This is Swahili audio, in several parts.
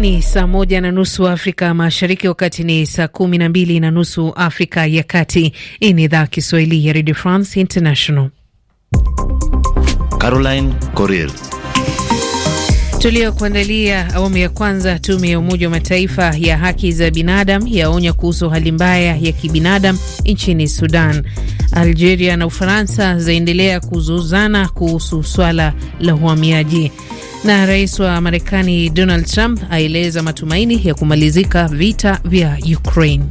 Ni saa moja na nusu Afrika Mashariki, wakati ni saa kumi na mbili na nusu Afrika ya Kati. Hii ni idhaa Kiswahili ya Radio France International. Caroline Corrier Tuliokuandalia awamu ya kwanza. Tume ya Umoja wa Mataifa ya haki za binadamu yaonya kuhusu hali mbaya ya kibinadamu nchini Sudan. Algeria na Ufaransa zaendelea kuzuzana kuhusu swala la uhamiaji. Na rais wa Marekani Donald Trump aeleza matumaini ya kumalizika vita vya Ukraine.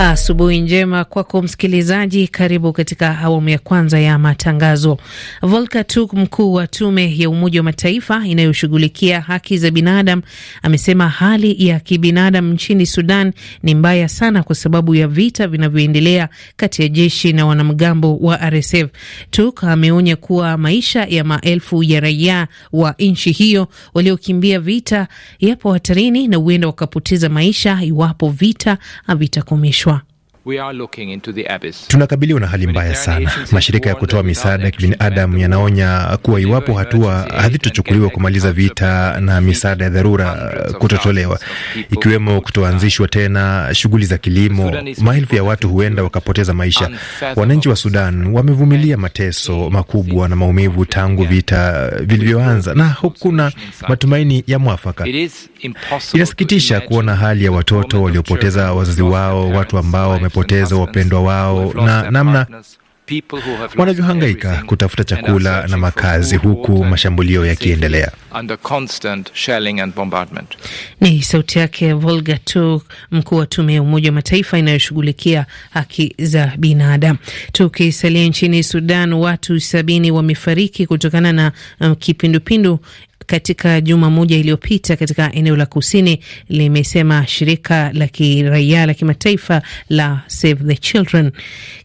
Asubuhi njema kwako msikilizaji, karibu katika awamu ya kwanza ya matangazo. Volker Turk, mkuu wa tume ya Umoja wa Mataifa inayoshughulikia haki za binadamu, amesema hali ya kibinadamu nchini Sudan ni mbaya sana kwa sababu ya vita vinavyoendelea kati ya jeshi na wanamgambo wa RSF. Turk ameonya kuwa maisha ya maelfu ya raia wa nchi hiyo waliokimbia vita yapo hatarini na huenda wakapoteza maisha iwapo vita havitakomeshwa. Tunakabiliwa na hali mbaya sana. Mashirika ya kutoa misaada ya kibinadamu yanaonya kuwa iwapo hatua hazitochukuliwa kumaliza vita na misaada ya dharura kutotolewa, ikiwemo kutoanzishwa tena shughuli za kilimo, maelfu ya watu huenda wakapoteza maisha. Wananchi wa Sudan wamevumilia mateso makubwa na maumivu tangu vita vilivyoanza, na hakuna matumaini ya mwafaka. Inasikitisha kuona hali ya watoto waliopoteza wazazi wao, watu ambao kupoteza wapendwa wao na namna wanavyohangaika kutafuta chakula na makazi huku mashambulio yakiendelea. Ni sauti yake Volga Turk, mkuu wa tume ya Umoja wa Mataifa inayoshughulikia haki za binadamu. Tukisalia nchini Sudan, watu sabini wamefariki kutokana na um, kipindupindu katika juma moja iliyopita katika eneo la kusini, limesema shirika la kiraia la kimataifa la Save the Children.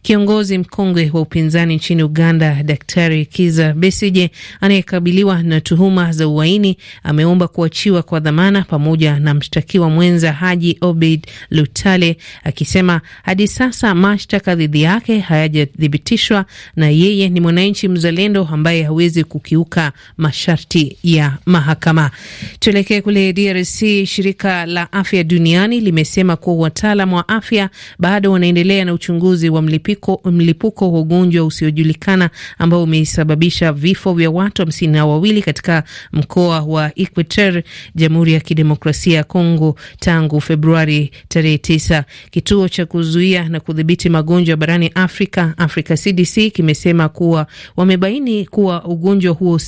Kiongozi mkongwe wa upinzani nchini Uganda, Daktari Kiza Besije, anayekabiliwa na tuhuma za uhaini, ameomba kuachiwa kwa dhamana pamoja na mshtakiwa mwenza Haji Obid Lutale, akisema hadi sasa mashtaka dhidi yake hayajathibitishwa na yeye ni mwananchi mzalendo ambaye hawezi kukiuka masharti ya mahakama. Tuelekee kule DRC. Shirika la Afya Duniani limesema kuwa wataalam wa afya bado wanaendelea na uchunguzi wa mlipiko, mlipuko wa ugonjwa usiojulikana ambao umesababisha vifo vya watu hamsini na wawili katika mkoa wa Equateur, Jamhuri ya Kidemokrasia ya Kongo tangu Februari tarehe 9. Kituo cha kuzuia na kudhibiti magonjwa barani Afrika, Africa CDC, kimesema kuwa wamebaini kuwa ugonjwa huo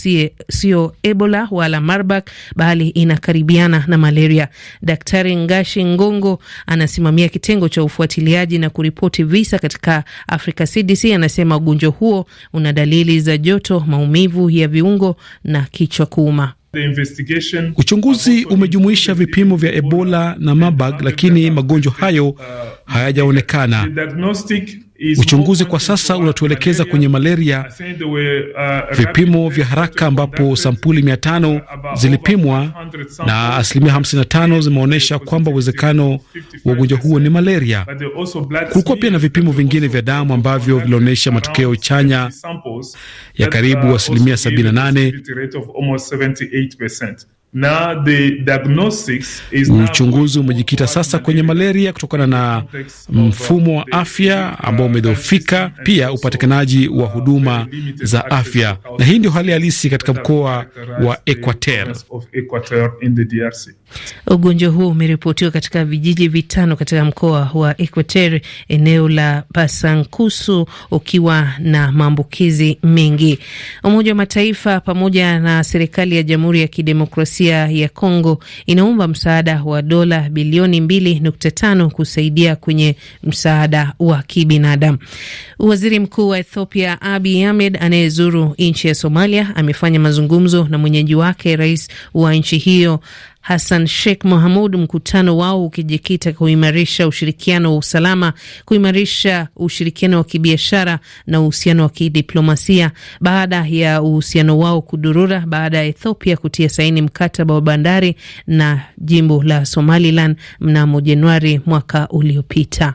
sio Ebola wala Marburg, bali inakaribiana na malaria. Daktari Ngashi Ngongo anasimamia kitengo cha ufuatiliaji na kuripoti visa katika afrika CDC, anasema ugonjwa huo una dalili za joto, maumivu ya viungo na kichwa kuuma. Uchunguzi umejumuisha vipimo vya Ebola na Marburg, lakini magonjwa hayo hayajaonekana. Uchunguzi kwa sasa unatuelekeza kwenye malaria, uh, vipimo vya haraka ambapo sampuli mia tano zilipimwa na asilimia 55 zimeonyesha kwamba uwezekano wa ugonjwa huo ni malaria. Kulikuwa pia na vipimo vingine vya damu ambavyo vilionyesha matokeo chanya ya karibu uh, asilimia 78. Uchunguzi umejikita sasa kwenye malaria kutokana na uh, mfumo wa afya uh, ambao umedhoofika, pia upatikanaji wa uh, huduma za afya, na hii ndio hali halisi katika mkoa wa Equateur. Ugonjwa huo umeripotiwa katika vijiji vitano katika mkoa wa Equateur, eneo la Pasankusu, ukiwa na maambukizi mengi. Umoja wa Mataifa pamoja na serikali ya Jamhuri ya Kidemokrasia ya Kongo inaomba msaada wa dola bilioni 2.5 kusaidia kwenye msaada wa kibinadamu. Waziri Mkuu wa Ethiopia Abiy Ahmed anayezuru nchi ya Somalia amefanya mazungumzo na mwenyeji wake, rais wa nchi hiyo Hassan Sheikh Mohamud, mkutano wao ukijikita kuimarisha ushirikiano wa usalama, kuimarisha ushirikiano wa kibiashara na uhusiano wa kidiplomasia baada ya uhusiano wao kudurura baada ya Ethiopia kutia saini mkataba wa bandari na jimbo la Somaliland mnamo Januari mwaka uliopita.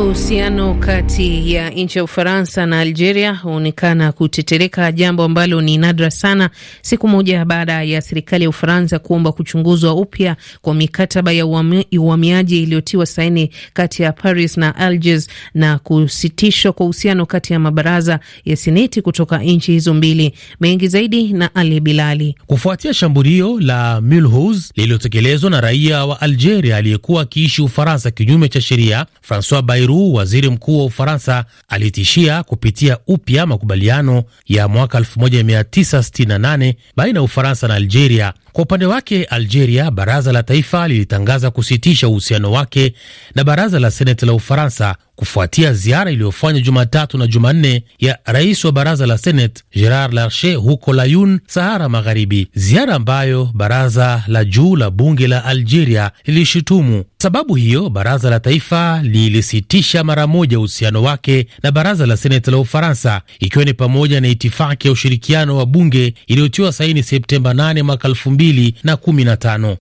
Uhusiano kati ya nchi ya Ufaransa na Algeria huonekana kutetereka, jambo ambalo ni nadra sana, siku moja baada ya serikali ya Ufaransa kuomba kuchunguzwa upya kwa mikataba ya uhamiaji iliyotiwa saini kati ya Paris na Algiers na kusitishwa kwa uhusiano kati ya mabaraza ya seneti kutoka nchi hizo mbili. Mengi zaidi na Ali Bilali. Kufuatia shambulio la Mulhouse lililotekelezwa na raia wa Algeria aliyekuwa akiishi Ufaransa kinyume cha sheria, Francois Peru, waziri mkuu wa Ufaransa alitishia kupitia upya makubaliano ya mwaka 1968 baina ya Ufaransa na Algeria. Kwa upande wake Algeria, baraza la taifa lilitangaza kusitisha uhusiano wake na baraza la seneti la Ufaransa kufuatia ziara iliyofanywa Jumatatu na Jumanne ya rais wa baraza la Senate Gerard Larche huko Layun, Sahara Magharibi, ziara ambayo baraza la juu la bunge la Algeria lilishutumu. Sababu hiyo baraza la taifa lilisitisha mara moja uhusiano wake na baraza la Senate la Ufaransa, ikiwa ni pamoja na itifaki ya ushirikiano wa bunge iliyotiwa saini Septemba 8 mwaka 2015.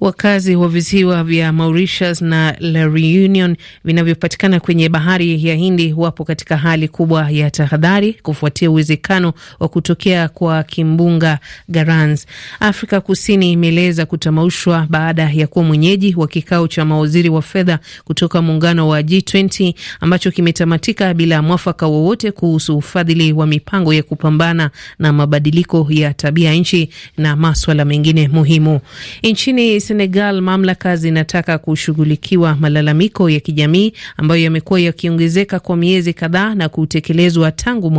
Wakazi wa visiwa vya Mauritius na La Reunion vinavyopatikana kwenye bahari ya Hindi wapo katika hali kubwa ya tahadhari kufuatia uwezekano wa kutokea kwa kimbunga Garans. Afrika Kusini imeeleza kutamaushwa baada ya kuwa mwenyeji wa kikao cha mawaziri wa fedha kutoka muungano wa G20 ambacho kimetamatika bila mwafaka wowote kuhusu ufadhili wa mipango ya kupambana na mabadiliko ya tabia nchi na maswala mengine muhimu nchini Senegal, mamlaka zinataka kushughulikiwa malalamiko ya kijamii ambayo yamekuwa yakiongezeka kwa miezi kadhaa na kutekelezwa tangu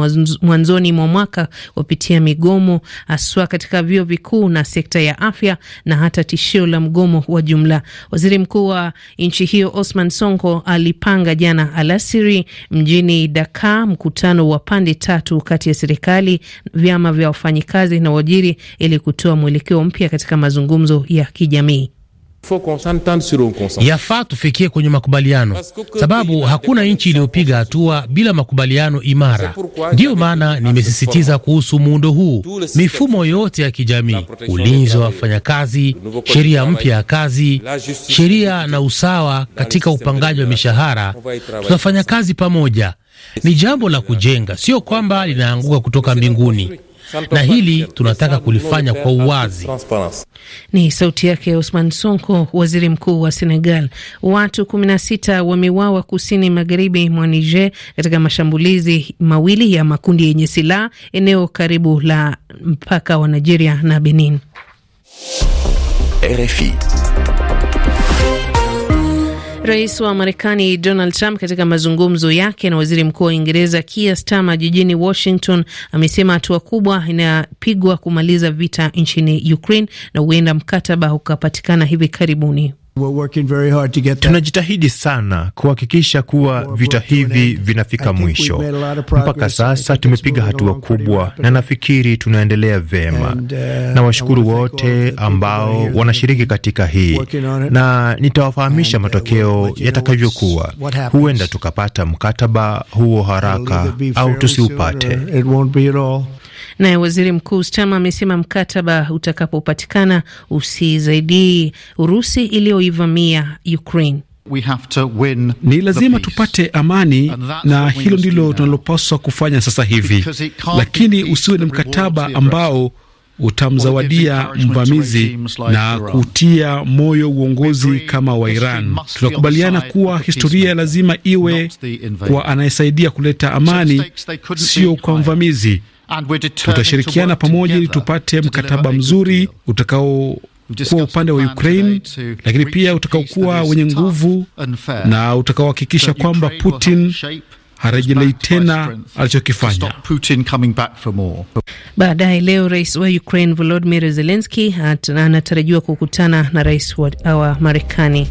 mwanzoni mwa mwaka kupitia migomo haswa katika vyuo vikuu na sekta ya afya na hata tishio la mgomo wa jumla. Waziri mkuu wa nchi hiyo Osman Sonko alipanga jana alasiri mjini Dakar mkutano wa pande tatu kati ya serikali, vyama vya wafanyikazi na uajiri ili kutoa mwelekeo mpya katika mazungumzo ya kijamii. Yafaa tufikie kwenye makubaliano, sababu hakuna nchi iliyopiga hatua bila makubaliano imara. Ndiyo maana nimesisitiza kuhusu muundo huu, mifumo yote ya kijamii, ulinzi wa wafanyakazi, sheria mpya ya kazi, sheria na usawa katika upangaji wa mishahara. Tunafanya kazi pamoja, ni jambo la kujenga, sio kwamba linaanguka kutoka mbinguni na hili tunataka kulifanya kwa uwazi. Ni sauti yake Osman Sonko, waziri mkuu wa Senegal. Watu 16 wameuawa kusini magharibi mwa Niger katika mashambulizi mawili ya makundi yenye silaha eneo karibu la mpaka wa Nigeria na Benin. RFI. Rais wa Marekani Donald Trump katika mazungumzo yake na waziri mkuu wa Uingereza Keir Starmer jijini Washington amesema hatua kubwa inapigwa kumaliza vita nchini Ukraine na huenda mkataba ukapatikana hivi karibuni. Tunajitahidi sana kuhakikisha kuwa vita hivi vinafika mwisho. Mpaka sasa tumepiga hatua kubwa, na nafikiri tunaendelea vema uh, na washukuru wote ambao wanashiriki katika hii, na nitawafahamisha uh, matokeo yatakavyokuwa. Huenda tukapata mkataba huo haraka au tusiupate. Naye waziri mkuu Stama amesema mkataba utakapopatikana usizaidii Urusi iliyoivamia Ukraine. We have to win ni lazima tupate amani, na hilo ndilo tunalopaswa kufanya sasa hivi, lakini usiwe ni mkataba ambao utamzawadia mvamizi na kutia moyo uongozi kama wa Iran. Tunakubaliana kuwa historia lazima iwe kwa anayesaidia kuleta amani, sio kwa mvamizi. Tutashirikiana pamoja ili tupate mkataba mzuri utakaokuwa upande wa Ukraine, lakini pia utakaokuwa wenye nguvu na utakaohakikisha kwamba Putin harejelei tena alichokifanya. Baadaye leo rais wa Ukraine volodimir zelenski anatarajiwa kukutana na rais wa Marekani.